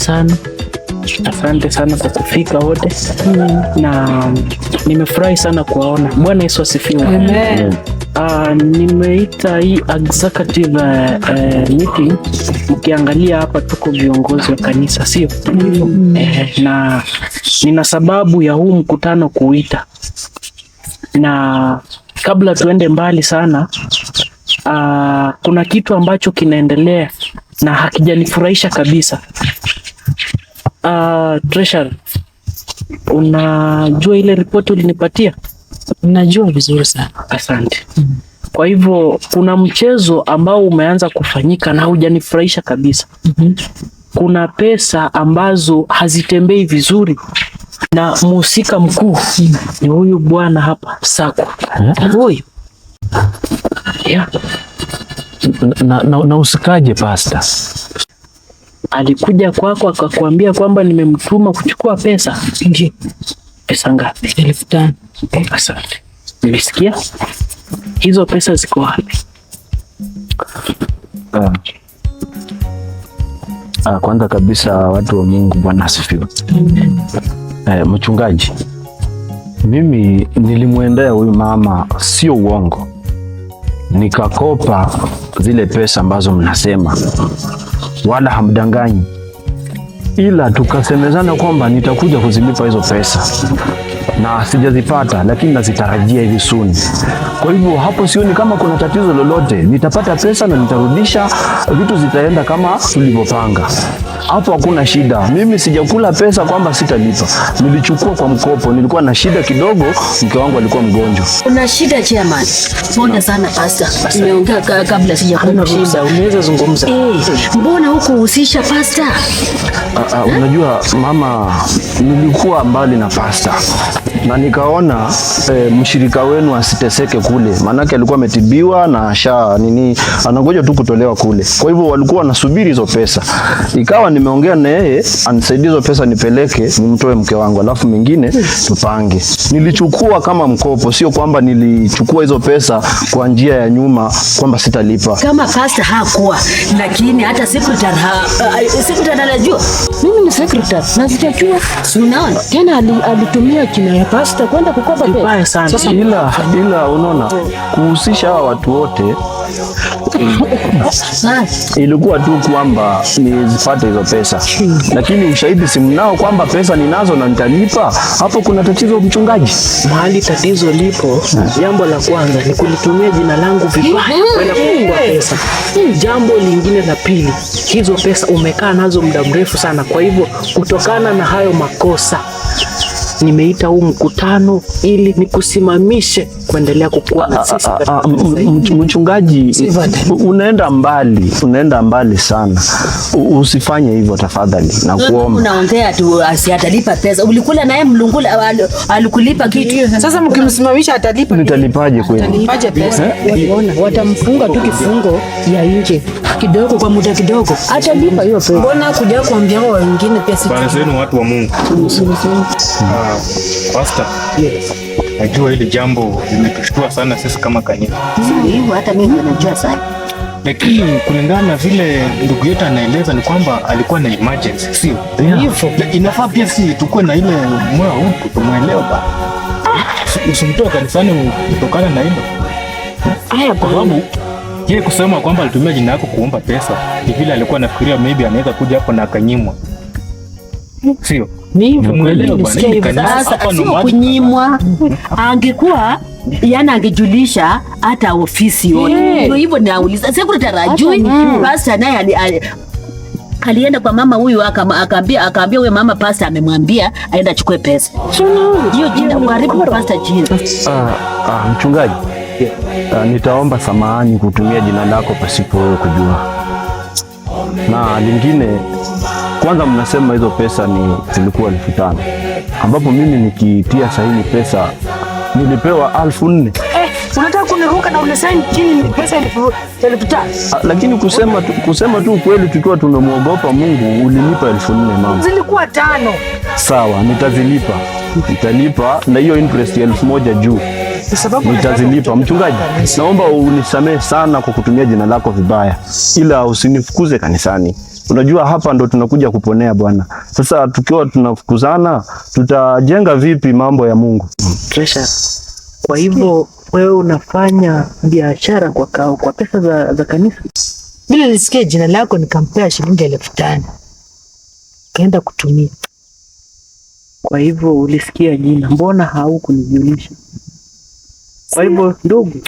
sana. Asante sana kwa kufika wote mm. na nimefurahi sana kuwaona. Bwana Yesu asifiwa Uh, ah, nimeita hii executive uh, uh, meeting. Mkiangalia hapa tuko viongozi wa kanisa sio? mm. Eh, na nina sababu ya huu mkutano kuita, na kabla tuende mbali sana uh, kuna kitu ambacho kinaendelea na hakijanifurahisha kabisa Uh, ah, Treasure, unajua ile ripoti ulinipatia? Najua vizuri sana. Asante. Mm -hmm. Kwa hivyo kuna mchezo ambao umeanza kufanyika na hujanifurahisha kabisa. Mm -hmm. Kuna pesa ambazo hazitembei vizuri na mhusika mkuu mm, ni huyu bwana hapa Sako eh? huyu yeah. na, na, na usikaje pasta alikuja kwako akakwambia kwamba nimemtuma kuchukua pesa. Ndio. Pesa ngapi? elfu tano. Asante. Nimesikia. Hizo pesa ziko wapi? Uh, kwanza kabisa watu wa Mungu, Bwana asifiwe. Mm. Uh, mchungaji, mimi nilimwendea huyu mama, sio uongo, nikakopa zile pesa ambazo mnasema wala hamdanganyi, ila tukasemezana kwamba nitakuja kuzilipa hizo pesa, na sijazipata, lakini nazitarajia hivi soon. Kwa hivyo hapo sioni kama kuna tatizo lolote, nitapata pesa na nitarudisha, vitu zitaenda kama tulivyopanga hapo hakuna shida. Mimi sijakula pesa kwamba sitalipa, nilichukua kwa mkopo. Nilikuwa na shida kidogo, mke wangu alikuwa mgonjwa. Una shida chairman? Mbona sana pasta, nimeongea kabla sijakuna shida. Unaweza zungumza eh, mbona huko husisha pasta? Ah, ah, unajua mama, nilikuwa mbali na pasta na nikaona e, mshirika wenu asiteseke kule, maanake alikuwa ametibiwa na sha nini, anangoja tu kutolewa kule. Kwa hivyo walikuwa wanasubiri hizo pesa, ikawa nimeongea na yeye anisaidie hizo pesa nipeleke nimtoe mke wangu, alafu mingine tupange. Nilichukua kama mkopo, sio kwamba nilichukua hizo pesa kwa njia ya nyuma kwamba sitalipa. Kama pasta hakuwa, lakini hata secretary ha, uh, secretary anajua mimi ni secretary na sitajua, unaona tena alitumia kina basi takwenda kukopa pesa sana. Sasa ila ila unaona kuhusisha hawa watu wote ilikuwa tu kwamba nizipate hizo pesa, lakini ushahidi simnao kwamba pesa ninazo na nitalipa. Hapo kuna tatizo, mchungaji. Mahali tatizo lipo, jambo la kwanza ni kulitumia jina langu vibaya kwenda kuomba pesa. Jambo lingine la pili, hizo pesa umekaa nazo muda mrefu sana, kwa hivyo kutokana na hayo makosa nimeita huu mkutano ili nikusimamishe kuendelea kukua na sisi. Ah, ah, ah, mchungaji, unaenda mbali, unaenda mbali sana, usifanye hivyo tafadhali, na kuomba. Unaongea tu asiatalipa pesa, ulikula naye mlungula alikulipa kitu, sasa mkimsimamisha atalipa. Nitalipaje kweli? Eh? Watamfunga tu kifungo ya nje kidogo, kwa muda kidogo, atalipa hiyo pesa. Mbona kuja kuambia wengine pesa zenu, watu wa Mungu mm, mm, mm. Ah. Pastor, yes. Najua hili jambo limetushtua sana sisi kama kanisa. Ndio, hata mimi najua sana. Lakini kulingana na vile ndugu yetu anaeleza ni kwamba alikuwa na emergency, sio? Inafaa pia si tukue na ile moyo huko tumuelewa ba. Ah. Usimtoe kanisani kutokana na hilo. Haya, kwa sababu yeye kusema kwamba alitumia jina yako kuomba pesa, ni vile alikuwa anafikiria maybe anaweza kuja hapo na akanyimwa sio kunyimwa. Angekuwa yana angejulisha hata ofisi yote. Ndio hivyo nauliza, secretary ajui, pastor naye alienda kwa mama huyu akaambia, akaambia huyo mama pasta amemwambia aenda achukue pesa. Hiyo jina uharibu pasta jina. Ah, ah mchungaji, ah, nitaomba samahani kutumia jina lako pasipo kujua, na lingine kwanza mnasema hizo pesa ni zilikuwa elfu tano ambapo mimi nikitia sahihi pesa nilipewa elfu nne. Eh, unataka kuniruka na unasaini chini pesa elfu tano? Ah, lakini kusema tu, kusema tu kweli tukiwa tunamwogopa Mungu ulinipa elfu nne mama. Zilikuwa tano. Sawa, nitazilipa nitalipa na hiyo interest ya elfu moja juu nitazilipa. Mchungaji, naomba unisamehe sana kwa kutumia jina lako vibaya, ila usinifukuze kanisani. Unajua hapa ndo tunakuja kuponea Bwana. Sasa tukiwa tunafukuzana, tutajenga vipi mambo ya Mungu? Tresha. Kwa hivyo wewe unafanya biashara kwa kao, kwa pesa za, za kanisa? Vile nisikia jina lako nikampea shilingi elfu tano kaenda kutumia. Kwa hivyo ulisikia jina, mbona haukunijulisha? Kwa hivyo ndugu,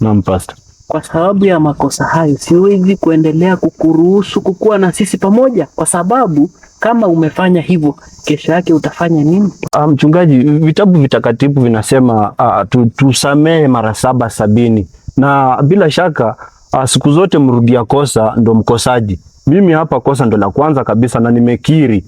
naam pastor kwa sababu ya makosa hayo siwezi kuendelea kukuruhusu kukuwa na sisi pamoja, kwa sababu kama umefanya hivyo, kesho yake utafanya nini? Ah, mchungaji, um, vitabu vitakatifu vinasema uh, tusamehe mara saba sabini, na bila shaka uh, siku zote mrudia kosa ndo mkosaji. Mimi hapa kosa ndo la kwanza kabisa, na nimekiri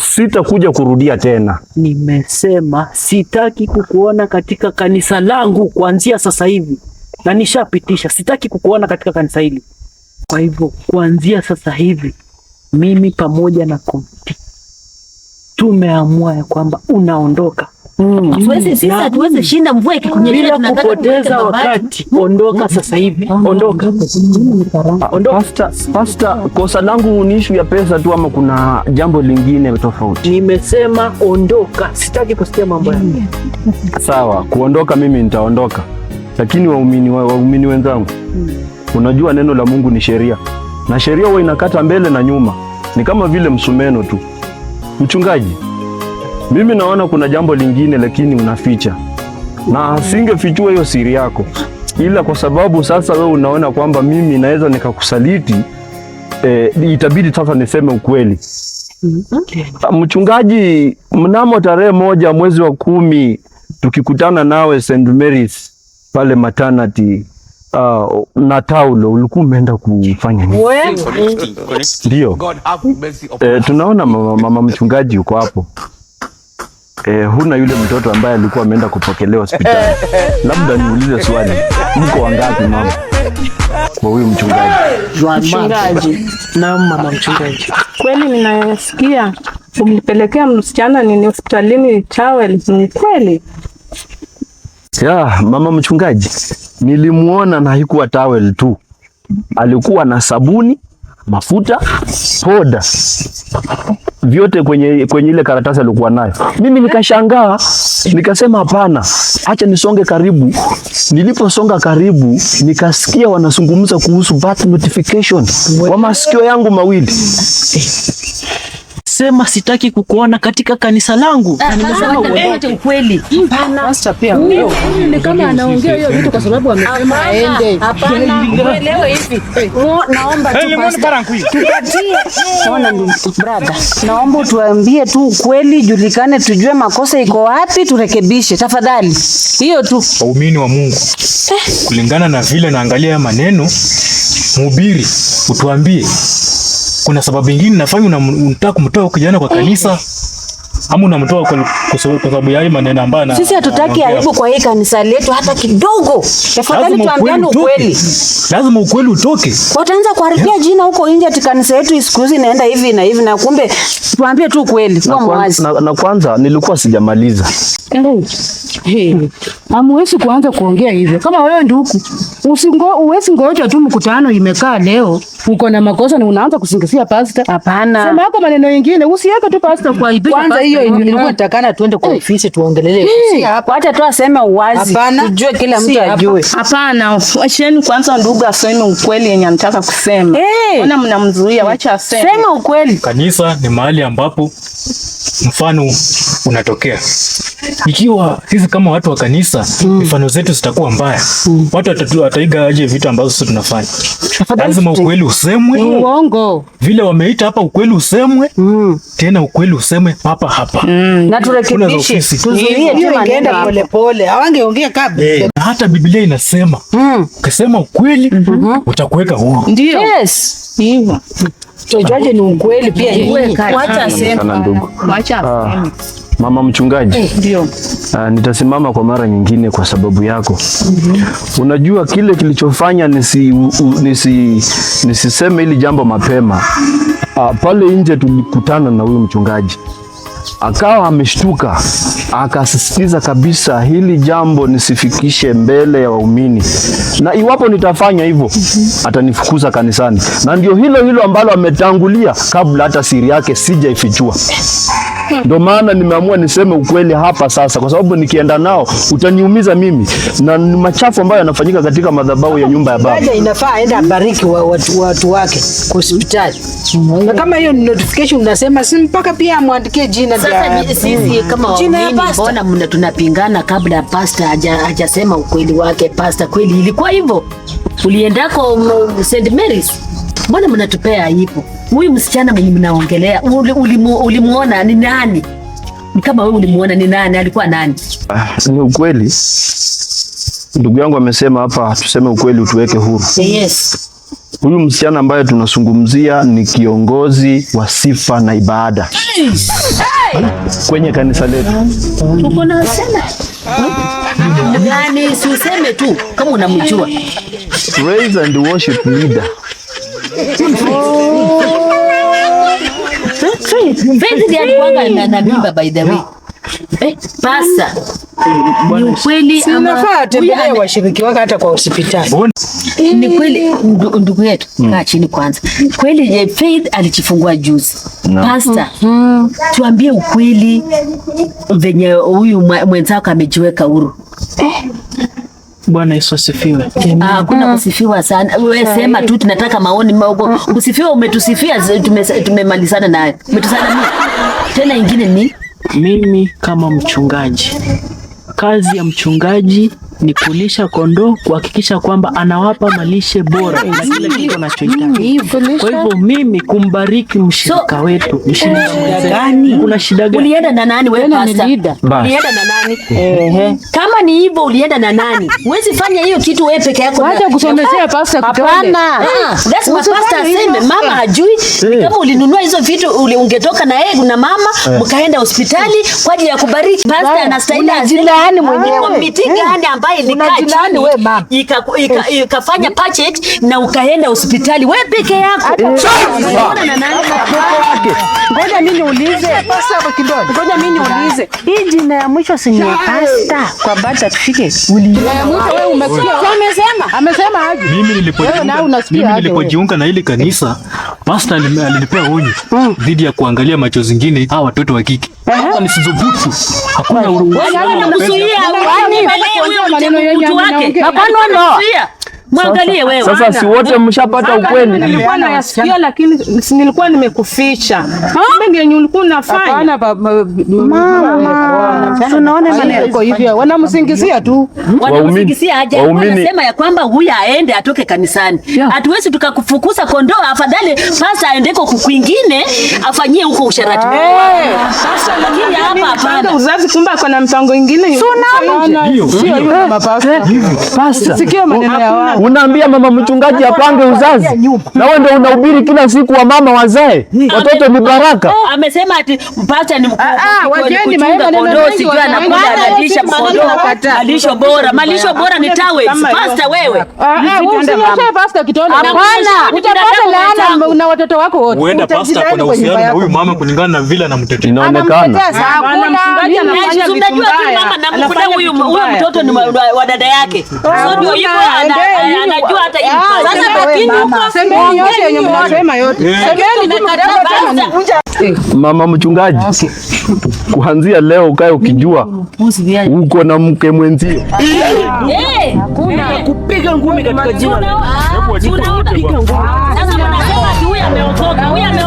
sitakuja kurudia tena. Nimesema sitaki kukuona katika kanisa langu kuanzia sasa hivi na nishapitisha, sitaki kukuona katika kanisa hili. Kwa hivyo kuanzia sasa hivi mimi pamoja na komiti tumeamua ya kwamba unaondoka. Mm. Hatuwezi shinda mvua ikikunyesha, kupoteza wakati. Ondoka sasa hivi, mm. ondoka, kosa langu ni ishu ya pesa tu ama kuna jambo lingine tofauti? Nimesema ondoka, sitaki kusikia mambo yao. Sawa, kuondoka, mimi nitaondoka. Lakini waumini waumini wenzangu, mm. Unajua neno la Mungu ni sheria na sheria huwa inakata mbele na nyuma, ni kama vile msumeno tu. Mchungaji, mimi naona kuna jambo lingine, lakini unaficha na asingefichua hmm. hiyo siri yako, ila kwa sababu sasa wewe unaona kwamba mimi naweza nikakusaliti, e, itabidi sasa niseme ukweli. Hmm. Ah, mchungaji, mnamo tarehe moja mwezi wa kumi tukikutana nawe St Mary's pale maternity uh, na taulo ulikuwa umeenda kufanya nini? Ndio. E, tunaona mama, mama mchungaji yuko hapo. Eh, huna yule mtoto ambaye alikuwa ameenda kupokelewa hospitali. Labda niulize swali, mko wangapi mama kwa huyu mchungaji? Mchungaji na mama mchungaji, kweli ninasikia umlipelekea msichana nini hospitalini, chawe ni kweli ya, mama mchungaji nilimuona na haikuwa towel tu, alikuwa na sabuni, mafuta, poda vyote kwenye, kwenye ile karatasi alikuwa nayo. Mimi nikashangaa nikasema, hapana, acha nisonge karibu. Niliposonga karibu, nikasikia wanazungumza kuhusu birth notification kwa masikio yangu mawili nimesema sitaki kukuona katika kanisa langu. Ah, ah, ukweli eh, ni kama anaongea hiyo vitu kwa sababu amesema aende. Hapana, leo hivi eh. oh, naomba tu brother, naomba utuambie tu ukweli, julikane, tujue makosa iko wapi, turekebishe tafadhali. Hiyo tu, waumini wa Mungu, eh. kulingana na vile naangalia maneno, mhubiri, utuambie kuna sababu nyingine nafanya unataka kumtoa unamtoa kijana kwa kanisa ama unamtoa kwa sababu ya maneno ambayo sisi hatutaki aibu kwa hii kanisa letu hata kidogo. Tafadhali tuambiane ukweli, lazima ukweli utoke. Wataanza kuharibia jina huko nje ati kanisa yetu siku hizi inaenda hivi na hivi, na kumbe tuambie tu ukweli, kuwa mwazi. Na kwanza nilikuwa sijamaliza Hamuwezi kuanza kuongea hivyo. Kama wewe ndugu, usingo uwezi ngoja tu mkutano imekaa leo. Uko na makosa na unaanza kusingizia pasta. Hapana. Sema hapo maneno mengine, usiweke tu pasta kwa ipi. Kwanza hiyo ilikuwa nitakana tuende kwa ofisi tuongelele. Si Acha tu aseme uwazi. Tujue kila mtu ajue. Hapana. Washeni kwanza ndugu aseme ukweli yenye anataka kusema. Mbona mnamzuia? Acha aseme. Sema ukweli. Kanisa ni mahali ambapo mfano unatokea ikiwa sisi kama watu wa kanisa mm. mifano mm. zetu zitakuwa mbaya mm. watu wataiga aje vitu ambazo sisi tunafanya? Lazima ukweli usemwe, uongo vile wameita hapa, ukweli usemwe mm. tena ukweli usemwe hapa hapa mm. na turekebishe, tuzuie tu maneno pole pole, hawangeongea kabla. Na hata Biblia inasema mm. ukisema ukweli mm -hmm. utakuweka huru, ndio yes hivyo tujaje, ni ukweli pia, iwe kali, wacha sema, acha Mama mchungaji, hey, uh, ah, nitasimama kwa mara nyingine kwa sababu yako. mm -hmm. Unajua kile kilichofanya nisi, u, nisi, nisiseme hili jambo mapema. uh, pale nje tulikutana na huyu mchungaji akawa ameshtuka akasisitiza kabisa hili jambo nisifikishe mbele ya waumini, na iwapo nitafanya hivyo atanifukuza kanisani, na ndio hilo hilo ambalo ametangulia kabla hata siri yake sijaifichua. Ndio maana nimeamua niseme ukweli hapa sasa, kwa sababu nikienda nao utaniumiza mimi, na ni machafu ambayo yanafanyika katika madhabahu ya nyumba ya baba. Inafaa aende abariki watu, watu wake kwa hospitali na kama hiyo notification unasema si mpaka pia amwandikie jina. Sasa sisi kama waumini, mbona mna tunapingana kabla pastor hajasema ukweli wake? Pastor, kweli ilikuwa hivyo? Uliendako um, St Mary's Mbona mnatupea aibu? Huyu msichana mwenye mnaongelea ulimuona ni nani? Ni kama wewe ulimuona ni nani? Alikuwa nani? Ah, ni ukweli. Ndugu yangu amesema hapa, tuseme ukweli, utuweke huru. Yes. Huyu msichana ambaye tunazungumzia ni kiongozi wa sifa na ibada kwenye kanisa letu. Uko na sana yaani, si useme tu kama unamjua. Praise and worship leader by pasa ni ukweli ama atembelee washiriki wake hata kwa hospitali. Ni kweli ndugu yetu, kaa chini kwanza. Kweli je, Faith alijifungua juzi. Pasta, tuambie ukweli venye huyu mwenzako amejiweka huru. Bwana Yesu asifiwe. Ah, kuna kusifiwa sana. Wewe sema tu tunataka maoni mako. Mm. Kusifiwa umetusifia tumemalizana naye. Umetusalimia. Tena ingine ni mimi kama mchungaji. Kazi ya mchungaji ni kulisha kondoo, kuhakikisha kwamba anawapa malishe bora na kila kitu anachohitaji. Mm, kwa hivyo mimi kumbariki mshirika wetu, mshirika eh, eh, gani? Kuna shida gani? Ulienda na nani wewe pasta? Ulienda na nani? Ehe, eh, kama ni hivyo, ulienda na nani? Huwezi fanya hiyo kitu wewe peke yako. Acha kusomeshea ah, pasta kutoka. Hapana, my ah, pasta aseme, mama ah. hajui. Kama ulinunua hizo vitu, ungetoka na yeye na mama mkaenda hospitali kwa ajili ya kubariki. Pastor anastahili ajilaani mwenyewe ambaye nikaa chini ikafanya pachet na ukaenda hospitali wewe peke yako. Ngoja mimi niulize, ngoja mimi niulize hii jina ya mwisho pasta kwa birth certificate. Amesema aje? Mimi nilipojiunga na hili kanisa, pasta alinipea onyo hmm. dhidi ya kuangalia macho zingine hawa watoto wa kike. hakuna uruhusu maneno yenye anaongea. Hapana, no. Mwangalie wewe. Sasa si wote mshapata ukweli. Nilikuwa nayasikia lakini nilikuwa nimekuficha. Mimi ndio ulikuwa unafanya. Hapana mama. Tunaona maneno yako hivyo. Wanamsingizia tu. Wanamsingizia aje? Wanasema ya kwamba huyu aende atoke kanisani. Hatuwezi tukakufukuza kondoo, afadhali sasa aende kwa kwingine afanyie huko usharati. Sasa lakini yaani hapa hapana. Uzazi kumbe ako na mpango mwingine. Sio na. Sio yule mapasta. Sikio maneno yao unaambia mama mchungaji apange uzazi, na wewe ndio unahubiri kila siku wa mama wazae watoto ni baraka. Oh, amesema ati mpacha ni ah, ah, mkuu, malisho bora, malisho bora ni tawe. Pasta wewe ah, pasta utapata laana na watoto wako wote, uenda pasta kuna uhusiano na huyu mama kulingana na vile anamtetea, inaonekana huyu mtoto ni wa dada yake, ndio hivyo Mama mchungaji, kuanzia leo ukae ukijua uko na mke mwenzio. Eh.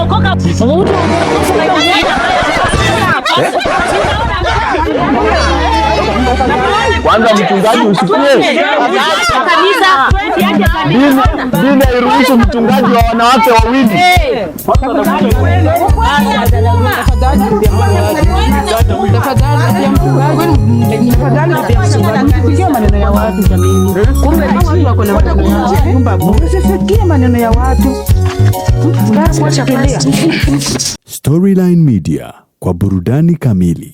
Eh. kwanza mchungaji usikie. Dini hairuhusu mchungaji wa wanawake wawili. Maneno ya Storyline Media kwa burudani kamili.